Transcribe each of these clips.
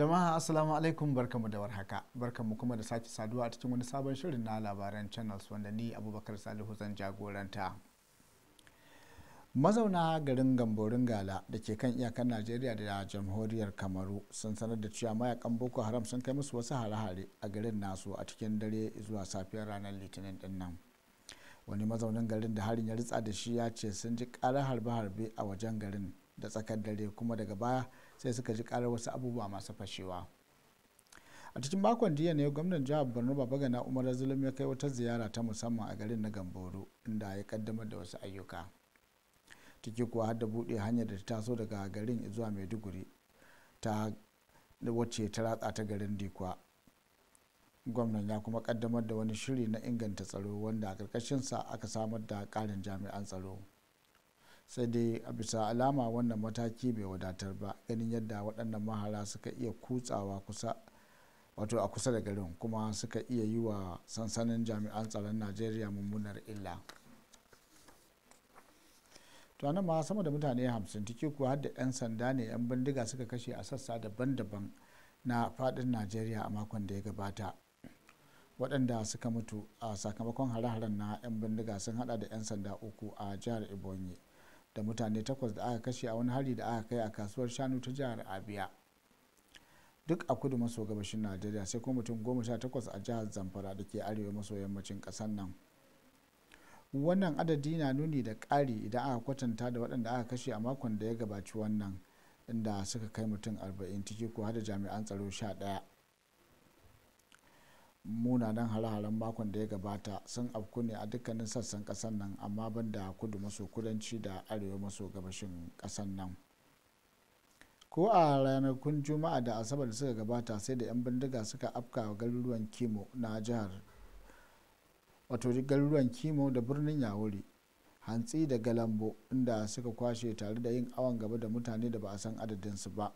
jama'a assalamu alaikum barkamu da warhaka barkamu kuma da sake saduwa a cikin wani sabon shirin na labaran channels wanda ni abubakar salihu zan jagoranta mazauna garin gamborin gala da ke kan iyakar najeriya da jamhuriyar kamaru sun sanar da cewa mayakan boko haram sun kai musu wasu hare-hare a garin nasu a cikin dare zuwa safiyar ranar litinin din wani mazaunin garin da harin ya ritsa da shi ya ce sun ji karar harbe-harbe a wajen garin da tsakar dare kuma daga baya sai suka ji karar wasu abubuwa masu fashewa a cikin makon jiya ne gwamnan jihar borno babagana umar zulum ya kai wata ziyara ta musamman a garin na gamboro inda ya kaddamar da wasu ayyuka ciki kuwa har da buɗe hanyar da ta taso daga garin zuwa maiduguri ta wacce ta ratsa ta garin dikwa gwamnan ya kuma kaddamar da wani shiri na inganta tsaro wanda a ƙarƙashinsa aka samar da ƙarin jami'an tsaro sai dai a bisa alama wannan mataki bai wadatar ba ganin yadda waɗannan mahara suka iya kutsawa kusa wato a kusa da garin kuma suka iya yi wa sansanin jami'an tsaron najeriya mummunar illa tunanin ma sama da mutane hamsin tiki kuwa har da 'yan sanda ne 'yan bindiga suka kashe a sassa daban-daban na fadin najeriya a makon da ya gabata waɗanda suka mutu a sakamakon hare-haren na 'yan bindiga sun hada da 'yan sanda uku a jihar ibonyi da mutane takwas da aka kashe a wani hari da aka kai a kasuwar shanu ta jihar abia duk a kudu maso gabashin najeriya sai kuma mutum goma sha takwas a jihar zamfara da ke arewa maso yammacin kasar nan wannan adadi na nuni da ƙari idan aka kwatanta da waɗanda aka kashe a makon da ya gabaci wannan inda suka kai mutum arba'in ciki ko har da jami'an tsaro sha ɗaya. munanan hare-haren makon da ya gabata sun afku ne a dukkanin sassan kasar nan amma ban da kudu maso kudanci da arewa maso gabashin kasar nan ko a ranakun juma'a da asabar da suka gabata sai da 'yan bindiga suka afka garuruwan kimo na jihar wato garuruwan kimo da birnin yawuri hantsi da galambo inda suka kwashe tare da yin awon gaba da mutane da ba a san adadinsu ba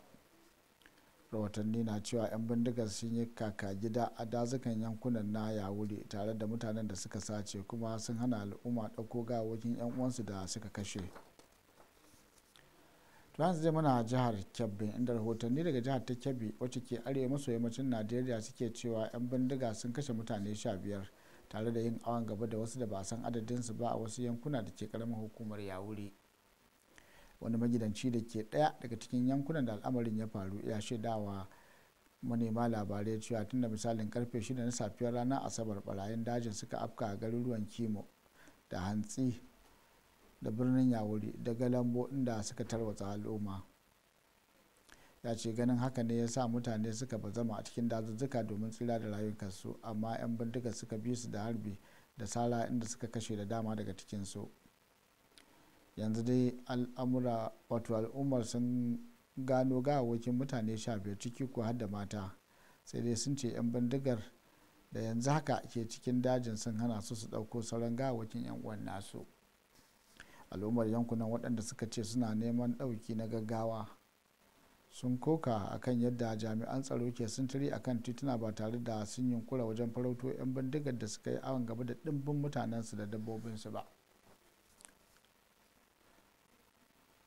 rahotanni na cewa 'yan bindigar sun yi kaka gida a dazukan yankunan na yawuri tare da mutanen da suka sace kuma sun hana al'umma ga gawakin 'yan uwansu da suka kashe trans zai muna jihar kebbi inda rahotanni daga jihar ta kebbi wacce ke arewa maso yammacin najeriya suke cewa 'yan bindiga sun kashe mutane sha biyar tare da yin awon gaba da wasu da ba san adadinsu ba a wasu yankuna da ke karamin hukumar yawuri wani magidanci da ke ɗaya daga cikin yankunan da al'amarin ya faru ya shaidawa manema labarai cewa tun da misalin karfe 6 na safiyar ranar asabar barayin dajin suka afka a garuruwan kimo da hantsi da birnin yawuri da galambo inda suka tarwatsa al'umma ya ce ganin haka ne ya sa mutane suka ba zama a cikin dazuzzuka domin tsira da rayukansu amma 'yan bindiga suka bi su da harbi da sara inda suka kashe da dama daga cikinsu. su yanzu dai al'amura wato al'ummar sun gano gawakin mutane sha biyar ciki ko har da mata sai dai sun ce 'yan bindigar da yanzu haka ke cikin dajin sun hana su su ɗauko sauran gawakin 'yan uwan nasu al'ummar yankunan waɗanda suka ce suna neman ɗauki na gaggawa sun koka akan yadda jami'an tsaro ke sintiri akan tituna ba tare da sun yunkura wajen farauto 'yan bindigar da suka yi awon gaba da ɗimbin mutanensu da dabbobinsu ba.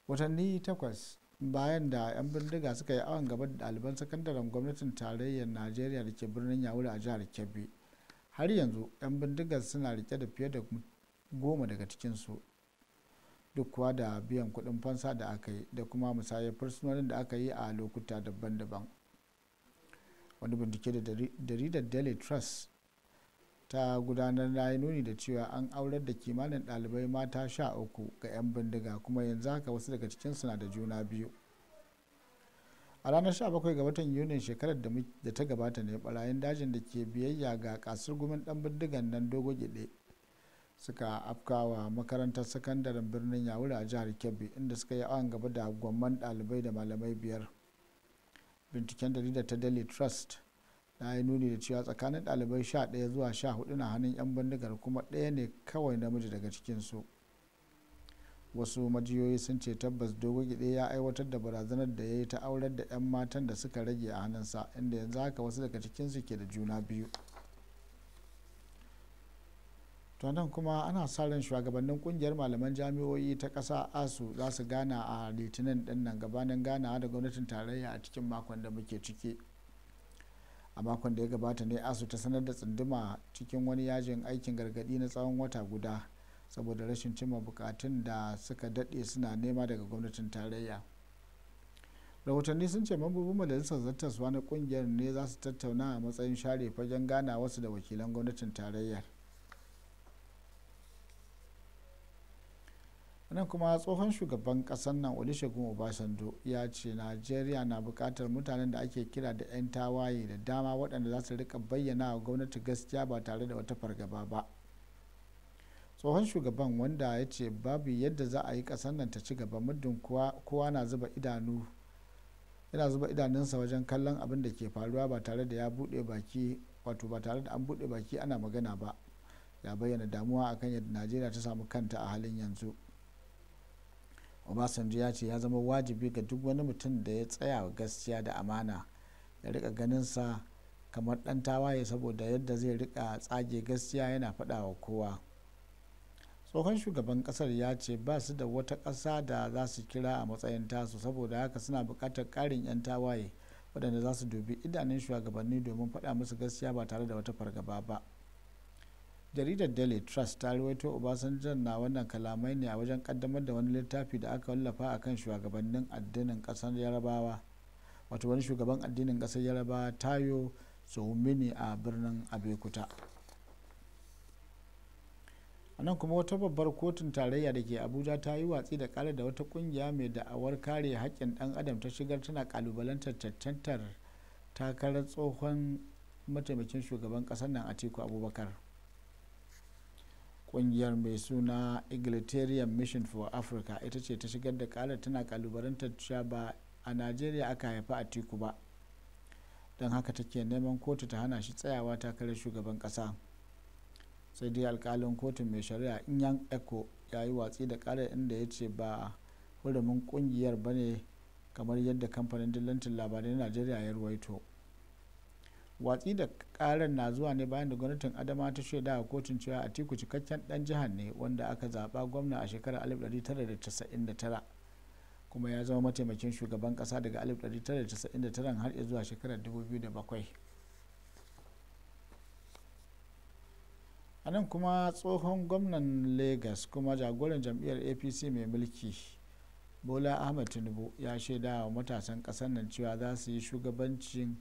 watanni takwas bayan da 'yan bindiga suka yi awon gaba da ɗaliban sakandaren gwamnatin tarayyar najeriya da ke birnin yawuri a jihar kebbi har yanzu 'yan bindiga suna rike da fiye da goma daga cikinsu duk kuwa da biyan kuɗin fansa da aka yi da kuma musayar fursunonin da aka yi a lokuta daban-daban wani bincike da jaridar daily trust ta gudanar na yi nuni da cewa an aurar da kimanin dalibai mata sha uku ga 'yan bindiga kuma yanzu haka wasu daga cikinsu na da juna biyu a ranar 17 ga watan yunin shekarar da ta gabata ne barayin dajin da ke biyayya ga kasar gumin dan bindigan nan dogo gide suka afkawa makarantar sakandaren birnin yawura a jihar kebbi inda suka yi awon gaba da gwamman dalibai da malamai biyar binciken jaridar ta daily trust na yi nuni da cewa tsakanin ɗalibai ɗaya zuwa sha hudu na hannun 'yan bindigar kuma ɗaya ne kawai namiji daga cikin su wasu majiyoyi sun ce tabbas dogogide ya aiwatar da barazanar da ya yi ta aurar da 'yan matan da suka rage a hannunsa inda yanzu haka wasu daga su ke da juna biyu to nan kuma ana sa ran shugabannin kungiyar malaman jami'o'i ta kasa asu za su gana a litinin ɗin nan gabanin ganawa da gwamnatin tarayya a cikin makon da muke ciki a makon da ya gabata ne asu ta sanar da tsunduma cikin wani yajin aikin gargadi na tsawon wata guda saboda rashin cimma bukatun da suka daɗe suna nema daga gwamnatin tarayya rahotanni sun ce mambobin majalisar zartaswa na kungiyar ne za su tattauna a matsayin share fagen gana wasu da wakilan gwamnatin tarayyar nan kuma tsohon shugaban kasar nan olusegun obasanjo ya ce najeriya na bukatar mutanen da ake kira da 'yan tawaye da dama waɗanda za su rika bayyana wa gwamnati gaskiya ba tare da wata fargaba ba tsohon shugaban wanda ya ce babu yadda za a yi kasar nan ta ci gaba muddin kowa na zuba idanu yana zuba idanunsa wajen kallon abin da ke faruwa ba tare da ya buɗe baki wato ba tare da an buɗe baki ana magana ba ya bayyana damuwa akan yadda najeriya ta samu kanta a halin yanzu obasanjo ya ce ya zama wajibi ga duk wani mutum da ya tsaya wa gaskiya da amana ya rika ganin sa kamar dan tawaye saboda yadda zai rika tsage gaskiya yana fada wa kowa tsohon shugaban kasar ya ce ba su da wata ƙasa da za su kira a matsayin tasu saboda haka suna buƙatar ƙarin 'yan tawaye waɗanda za su dubi idanun shugabanni domin faɗa musu gaskiya ba tare da wata fargaba ba. jaridar daily trust ta ruwaito obasanjo na wannan kalamai ne a wajen kaddamar da wani littafi da aka wallafa a kan shugabannin addinin kasar yarabawa wato wani shugaban addinin kasar yarabawa tayo tsohon a birnin abekuta a nan kuma wata babbar kotun tarayya da ke abuja ta yi watsi da kare da wata kungiya mai da'awar kare haƙƙin ɗan adam ta shigar tana kalubalantar cancantar takarar tsohon mataimakin shugaban ƙasar nan atiku abubakar kungiyar mai suna egalitarian mission for africa ita ce ta shigar da karar tana kalubalantar cewa ba a nigeria aka haifa a tiku ba don haka take neman kotu ta hana shi tsayawa takarar shugaban kasa sai dai alkalin kotun mai shari'a inyan eko ya yi watsi da kare inda ya ce ba hurumin kungiyar ba ne kamar yadda kamfanin dillancin labarai na nigeria ya ruwaito watsi da karar na zuwa ne bayan da gwamnatin adama ta shaida a kotun cewa atiku cikakken dan jihar ne wanda aka zaba gwamna a shekarar 1999 kuma ya zama mataimakin shugaban kasa daga 1999 har zuwa shekarar 2007 a nan kuma tsohon gwamnan lagos kuma jagoran jam'iyyar apc mai mulki bola ahmed tinubu ya shaida wa matasan kasar nan cewa za su yi shugabancin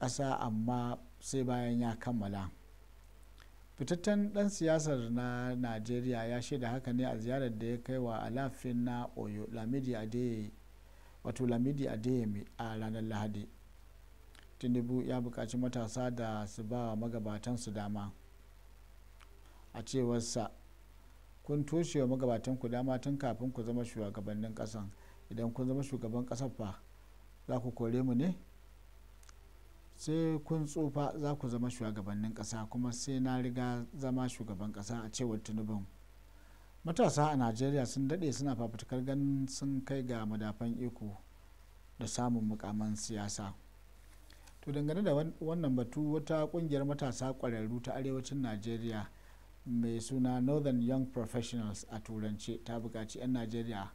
ƙasa amma sai bayan ya kammala fitattun dan siyasar na najeriya ya shaida haka ne a ziyarar da ya kai wa alafin na oyo lamidi adeyemi wato lamidi adeyemi a ranar lahadi tinubu ya buƙaci matasa da su ba magabatansu dama a cewarsa kun toshe wa magabatan ku dama tun kafin ku zama shugabannin kasan idan kun zama shugaban kasar fa za ku kore mu ne sai kun tsufa za ku zama shugabannin ƙasa kuma sai na riga zama shugaban ƙasa a cewar tinubun matasa a najeriya sun daɗe suna fafutukar ganin sun kai ga madafan iko da samun mukaman siyasa to dangane da wannan batu wata ƙungiyar matasa ƙwararru ta arewacin najeriya mai suna northern young professionals a turance ta buƙaci 'yan najeriya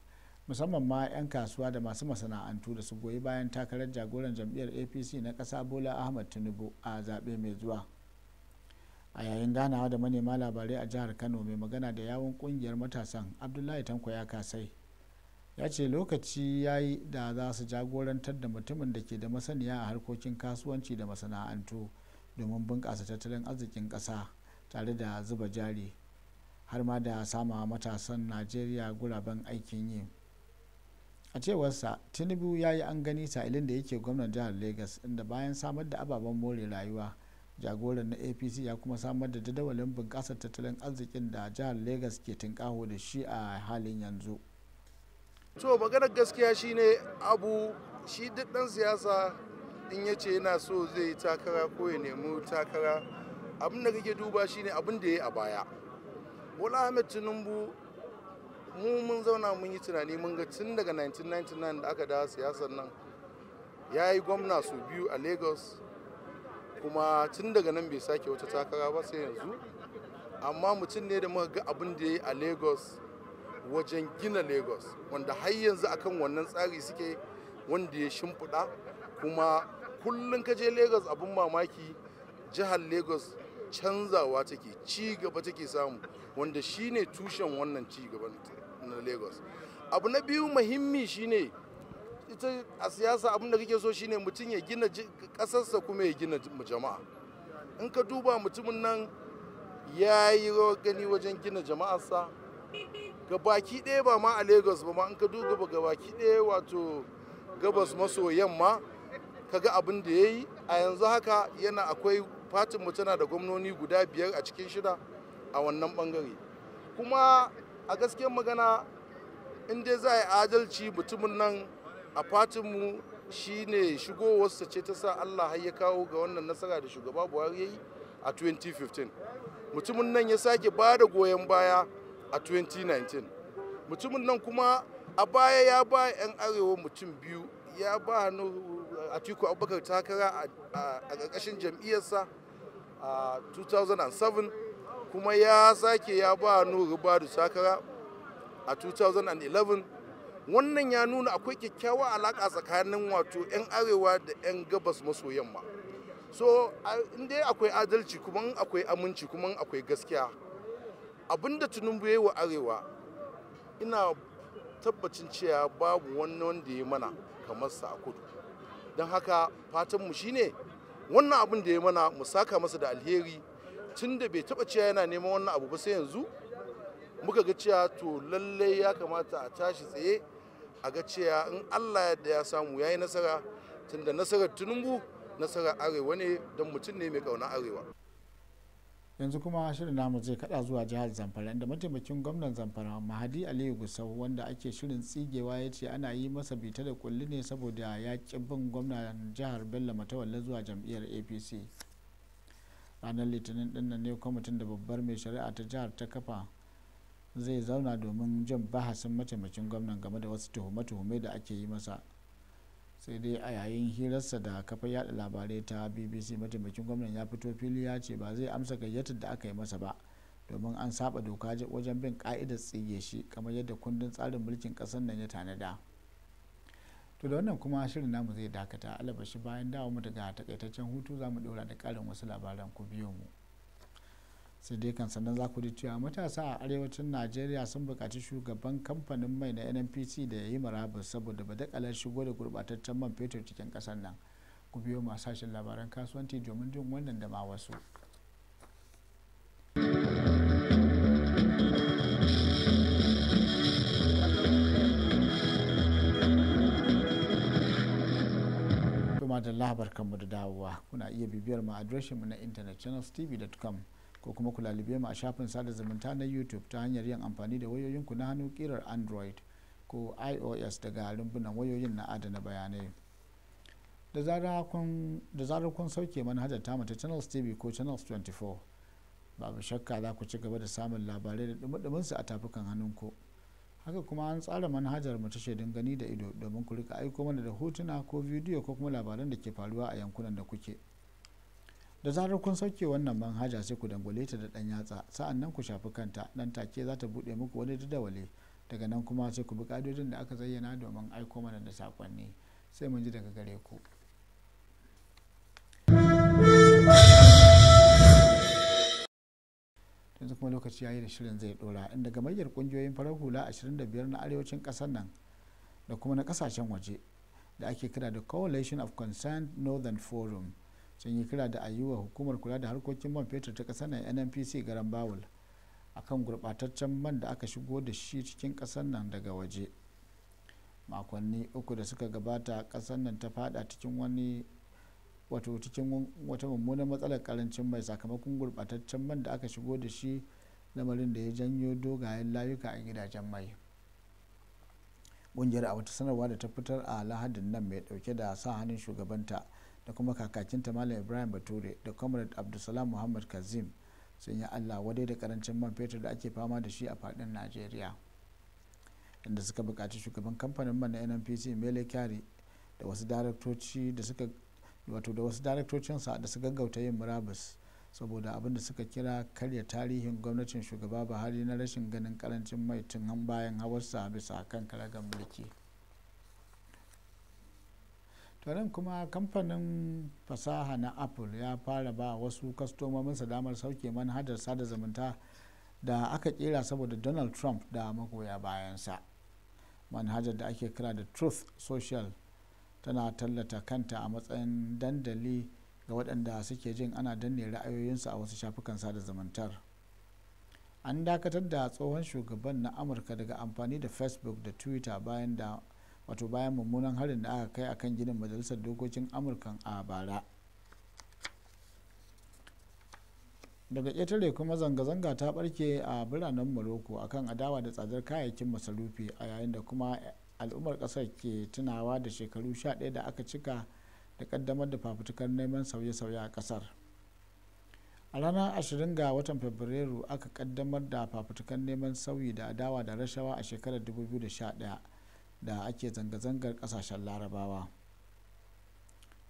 musamman ma 'yan kasuwa da masu masana'antu da su goyi bayan takarar jagoran jam'iyyar apc na ƙasa bola ahmad tinubu a zaɓe mai zuwa a yayin ganawa da manema labarai a jihar kano mai magana da yawon ƙungiyar matasan abdullahi tanko ya kasai ya ce lokaci ya yi da za su jagorantar da mutumin da ke da masaniya a harkokin kasuwanci da masana'antu domin bunƙasa tattalin arzikin ƙasa tare da zuba jari har ma da sama matasan najeriya guraben aikin yi a cewarsa tinubu ya yi an gani sa'ilin da yake gwamnan jihar lagos inda bayan samar da ababen more rayuwa jagoran na apc ya kuma samar da jadawalin bunƙasar tattalin arzikin da jihar lagos ke tunƙaho da shi a halin yanzu so maganar gaskiya shine abu shi duk ɗan siyasa in ya ce yana so zai yi takara ko ya nemi takara abin da kake duba shine abin da ya yi a baya wani ahmed tinubu mu mun zauna mun yi tunani mun ga tun daga 1999 da aka dawo siyasar nan ya yi gwamna su biyu a lagos kuma tun daga nan bai sake wata takara ba sai yanzu amma mutum ne da muka ga abin da ya yi a lagos wajen gina lagos wanda har yanzu akan wannan tsari suke wanda ya shimfiɗa kuma kullum ka je lagos abin mamaki jihar lagos canzawa take ci gaba take samu wanda shine tushen wannan ci gaban na lagos abu na biyu muhimmi shine ita a siyasa abin da kake so shine mutum ya gina kasarsa kuma ya gina jama'a in ka duba mutumin nan ya yi gani wajen gina jama'arsa ga baki ɗaya ba ma a lagos ba ma in ka duba ga baki ɗaya wato gabas maso yamma ka ga abin da ya yi a yanzu haka yana akwai fatin mu tana da gwamnoni guda biyar a cikin shida a wannan bangare kuma a gaskiyar magana in dai za a yi adalci mutumin nan a fatinmu shi ne shigowarsa ce ta sa allah ya kawo ga wannan nasara da shugaba buhari ya yi a 2015 mutumin nan ya sake ba da goyon baya a 2019 mutumin nan kuma a baya ya ba 'yan arewa mutum biyu ya ba hannu uh, tuku abubakar takara a ƙarƙashin jam'iyyarsa a 2007 kuma ya sake ya ba nuhu da sakara a 2011 wannan ya nuna akwai kyakkyawa alaƙa tsakanin wato 'yan arewa da 'yan gabas maso yamma so dai akwai adalci kuma akwai aminci kuma akwai gaskiya abinda tunumbu ya wa arewa ina tabbacin cewa babu wani wanda ya mana kamar sa a kudu don haka fatanmu shine wannan abin da ya mana mu saka masa da alheri tun da bai taba cewa yana neman wannan abu ba sai yanzu muka ga cewa to lallai ya kamata a tashi tsaye a ga cewa in allah yadda ya samu ya yi nasara tunda nasarar tunumbu nasarar arewa ne don mutum ne mai kauna arewa yanzu kuma shirin namu zai kada zuwa jihar zamfara inda mataimakin gwamnan zamfara mahadi aliyu gusau wanda ake shirin tsigewa ya ce ana yi masa bita da kulli ne saboda ya bin gwamnan jihar bello matawalla zuwa jam'iyyar apc ranar litinin nan ne kwamitin da babbar mai shari'a ta jihar ta kafa zai zauna domin jin bahasin mataimakin gwamnan game da wasu tuhume-tuhume da ake yi masa sai dai a yayin hirarsa da kafa yada labarai ta bbc mataimakin gwamnan ya fito fili ya ce ba zai amsa gayyatar da aka yi masa ba domin an saba doka wajen bin ka'idar tsige shi kamar yadda kundin tsarin mulkin kasar nan ya tanada. to da wannan kuma shirin namu zai dakata alabashi bayan dawo mu daga takaitaccen hutu za mu dora da karin wasu labaran ku biyo mu sai dai kan sannan za ku ji cewa matasa a arewacin najeriya sun buƙaci shugaban kamfanin mai na nnpc da ya yi marabus saboda ba dakalar shigo da gurbataccen man fetur cikin ƙasar nan ku biyo masu sashen labaran kasuwanci domin jin wannan da ma wasu labar kanmu da dawowa kuna iya bibiyar mu adireshin mu na intanet channelstv.com ko kuma ku lalube mu a shafin sada zumunta na youtube ta hanyar yin amfani da wayoyinku na hannu kirar android ko ios daga rumbunan wayoyin na adana bayanai da zarar kun sauke manhajar tamu ta channels tv ko channels 24 babu shakka za ku ci gaba da samun labarai da dumi a tafukan hannun ku haka kuma an tsara manhajar mu ta shaidun gani da ido domin ku rika aiko mana da hotuna ko bidiyo ko kuma labaran da ke faruwa a yankunan da kuke da zarar kun sauke wannan manhaja sai ku dangwale ta da dan yatsa sa'an nan ku shafi kanta nan take za ta buɗe muku wani jadawali daga nan kuma sai ku bi ka'idodin da aka zayyana domin aiko mana da sakonni sai mun ji daga gare ku yanzu kuma lokaci ya yi da shirin zai dora inda gamayyar kungiyoyin farar hula 25 na arewacin kasar nan da kuma na kasashen waje da ake kira da coalition of concerned northern forum sun yi kira da ayyuwa hukumar kula da harkokin man fetur ta kasar nan nnpc garan bawul akan gurbataccen man da aka shigo da shi cikin kasar nan daga waje makonni uku da suka gabata kasar nan ta fada cikin wani wato cikin wata mummunan matsalar karancin mai sakamakon gurbataccen man da aka shigo da shi lamarin da ya janyo dogayen layuka a gidajen mai ƙungiyar a wata sanarwa da ta fitar a lahadin nan mai dauke da sa hannun shugabanta da kuma kakakinta malam ibrahim bature da comrade abdulsalam muhammad kazim sun yi allah wadai da karancin man fetur da ake fama da shi a fadin najeriya inda suka bukaci shugaban kamfanin man na nnpc mele kyari da wasu daraktoci da suka wato da wasu sa da su gaggauta yin murabus saboda abin da suka kira karya tarihin gwamnatin shugaba buhari na rashin ganin karancin mai tun bayan hawarsa bisa kan karagar mulki taron kuma kamfanin fasaha na apple ya fara ba wasu kwastomominsa damar sauke manhajar sada zumunta da aka kera saboda donald trump da magoya bayansa manhajar da ake kira da truth social tana tallata kanta a matsayin dandali ga waɗanda suke jin ana danne ra'ayoyinsu a wasu shafukan sada zamantar an dakatar da tsohon shugaban na amurka daga amfani da facebook da twitter bayan da wato bayan mummunan harin da aka kai akan ginin majalisar dokokin amurkan a bara daga ƙetare kuma zanga-zanga ta barke a biranen morocco akan adawa da tsadar kayayyakin masarufi a yayin da kuma al'ummar kasar ke tunawa da shekaru 11 da aka cika da kaddamar da fafutukar neman sauye-sauye a kasar a ranar 20 ga watan fabrairu aka kaddamar da fafutukar neman sauyi da adawa da rashawa a shekarar 2011 da ake zanga-zangar kasashen larabawa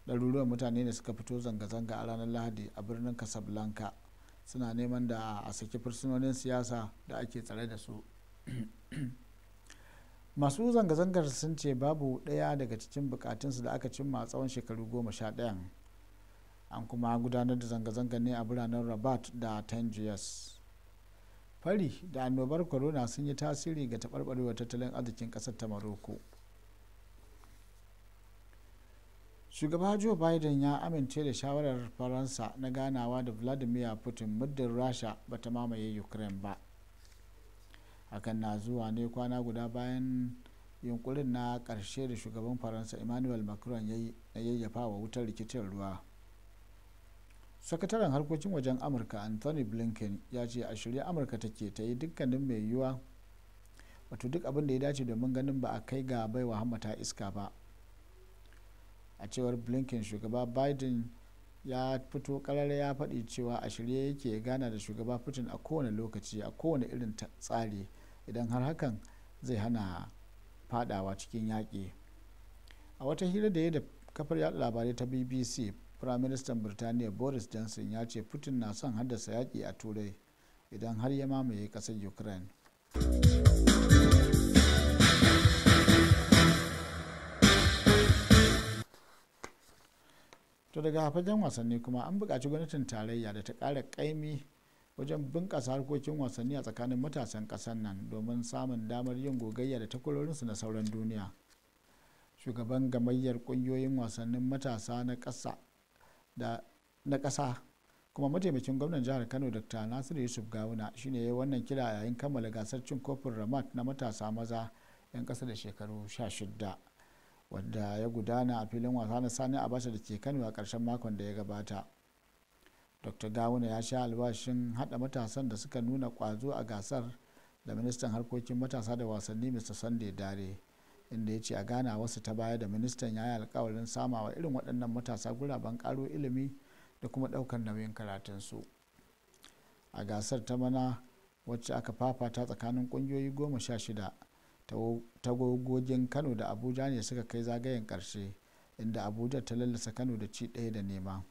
ɗaruruwan mutane da suka fito zanga-zanga a ranar lahadi a birnin casablanca suna neman da a saki fursunonin siyasa da ake tsare da su masu zanga-zangar sun ce babu ɗaya daga cikin bukatunsu da aka cimma a tsawon shekaru goma sha ɗaya an kuma gudanar da zanga-zanga ne a biranen rabat da tangiers fari da annobar corona sun yi tasiri ga taɓarɓarewar tattalin arzikin ƙasar ta maroko shugaba joe biden ya amince da shawarar faransa na ganawa da vladimir putin muddin rasha bata mamaye ukraine ba hakan na zuwa ne kwana guda bayan yunkurin na karshe da shugaban faransa emmanuel macron ya yayyafa wa wutar rikicin ruwa sakataren harkokin wajen amurka anthony blinken ya ce a shirya amurka ta ke ta yi dukkanin mai yiwuwa wato duk abin da ya dace domin ganin ba a kai ga baiwa ta iska ba a cewar blinken shugaba biden ya fito karar ya faɗi cewa a shirye yake gana da shugaba putin a kowane lokaci a kowane irin tsari idan har hakan zai hana fadawa cikin yaƙi a wata hira da ya da kafar yaɗa labarai ta bbc firaministan birtaniya boris johnson ya ce putin na son haddasa yaƙi a turai idan har ya mamaye ƙasar ukraine to daga hafajen wasanni kuma an buƙaci gwamnatin tarayya da ta ƙara ƙaimi wajen bunƙasa harkokin wasanni a tsakanin matasan ƙasar nan domin samun damar yin gogayya da takwarorinsu na sauran duniya shugaban gamayyar ƙungiyoyin wasannin matasa na ƙasa kuma mataimakin gwamnan jihar kano dr nasiru yusuf gawuna shine ya yi wannan kira yayin kammala gasar cin kofin ramat na matasa maza 'yan ƙasa da shekaru 16 wadda ya gudana a filin wasa na sani abacha da ke kanu a ƙarshen makon da ya gabata dr gawuna ya sha albashin hada matasan da suka nuna kwazo a gasar da ministan harkokin matasa da wasanni mr sunday dare inda ya ce a gana wasu ta baya da ministan ya yi alkawarin samawa irin waɗannan matasa guraben karo ilimi da kuma ɗaukar nauyin karatunsu a gasar ta mana wacce aka fafata tsakanin ƙungiyoyi goma sha shida tagogogin kano da abuja ne suka kai zagayen ƙarshe inda abuja ta lallasa kano da ci daya da nema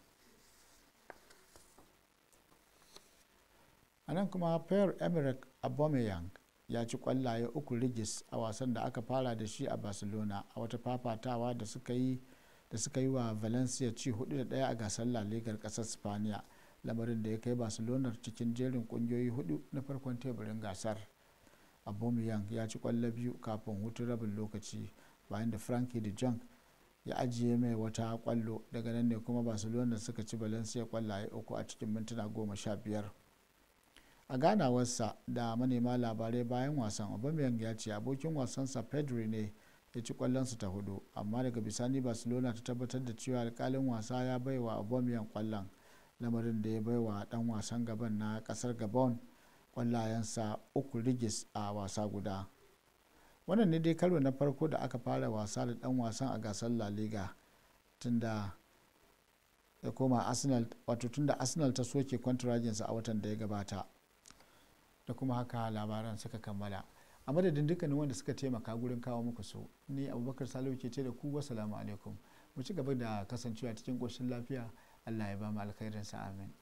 a nan kuma fair emirates abomeyang ya ci kwallaye uku rigis a wasan da aka fara da shi a barcelona a wata fafatawa da suka yi da suka yi wa valencia ci hudu da daya a gasar la ligar kasar spaniya lamarin da ya kai barcelona cikin jerin kungiyoyi hudu na farkon teburin gasar a aubameyang ya ci kwallo biyu kafin hutun rabin lokaci bayan da frankie de jong ya ajiye mai wata kwallo daga nan ne kuma barcelona suka ci valencia kwallaye uku a cikin mintuna goma sha biyar a ganawarsa da manema labarai bayan wasan aubameyang ya ce abokin wasansa pedri ne ya ci kwallonsa ta hudu amma daga bisani barcelona ta tabbatar da cewa alkalin wasa ya baiwa aubameyang kwallon lamarin da ya baiwa dan wasan gaban na kasar gabon kwallayensa uku rigis a wasa guda wannan ne dai karo na farko da aka fara wasa da dan wasan a gasar la liga tunda ya koma arsenal wato tunda arsenal ta soke kwantarajinsa a watan da ya gabata da kuma haka labaran suka kammala a madadin dukkanin wanda suka taimaka gurin kawo muku su ni abubakar salihu ke ce da ku wasalamu alaikum mu ci gaba da kasancewa cikin ƙoshin lafiya allah ya ba mu alkhairinsa amin